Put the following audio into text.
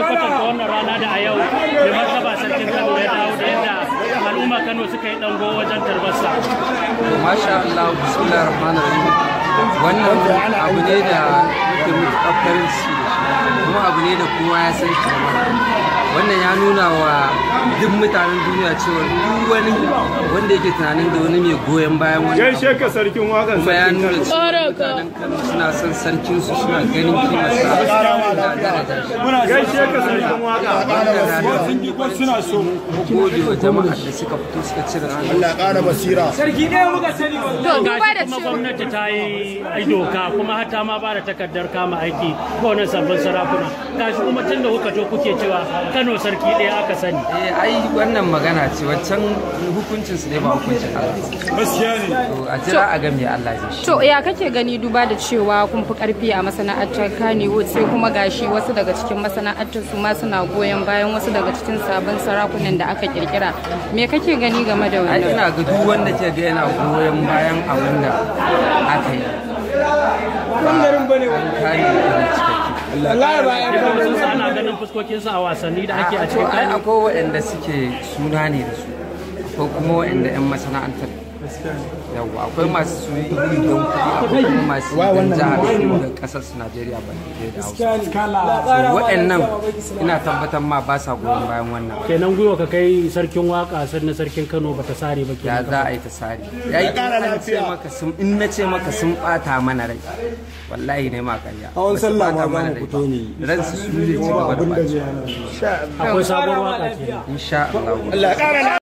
kake kwatanta wannan rana da a yau da martaba sarkin Kano ya dawo da yadda al'umma Kano suka yi dango wajen tarbarsa. Masha Allah, bismillahir rahman rahim. Wannan abu ne da yake mutu kafarin su, kuma abu ne da kowa ya san shi. wannan ya nuna wa duk mutanen duniya cewa duk wani wanda yake tunanin da wani mai goyon bayan wani gaishe ka sarkin wagan kuma ya nuna cewa suna son sarkin su suna ganin kima sa gaishe ka sarkin waga suna so gode wa jama'a da suka fito suka cire ranar Allah ƙara basira sarki ne muka sani to duba da kuma gwamnati ta yi doka kuma hata ma ba da takardar kama aiki ko wannan sabbin sarakuna kashi kuma tun da kuka je kuke cewa Kano sarki ɗaya aka sani. Eh ai wannan magana ce waccan hukuncin su ne ba hukuncin Allah. Gaskiya ne. To a jira a ga me Allah zai shi. To ya kake gani duba da cewa kun fi karfi a masana'antar Kanewood sai kuma gashi wasu daga cikin masana'antar su ma suna goyon bayan wasu daga cikin sabon sarakunan da aka kirkira. Me kake gani game da wannan? ai Ina ga duk wanda ke ga yana goyon bayan abin da aka yi. kan garin bane wallahi ba ya kan su ganin fuskokin su a wasanni da ake a cikin ai akwai waɗanda suke suna ne da su akwai kuma waɗanda 'yan masana'antar yawa akwai masu suyi don akwai masu don jihar su da kasar su najeriya ba da hausa waɗannan ina tabbatar ma ba sa goyon bayan wannan kenan gwiwa ka kai sarkin waka sai na sarkin kano ba ta sare ba kenan ya za a yi ta sare ya yi in na ce maka sun bata mana rai wallahi ne ma kanya a wani sallah ma ba mu fito ne ran su su ne ci gaba da ba akwai sabuwar waka kenan insha Allah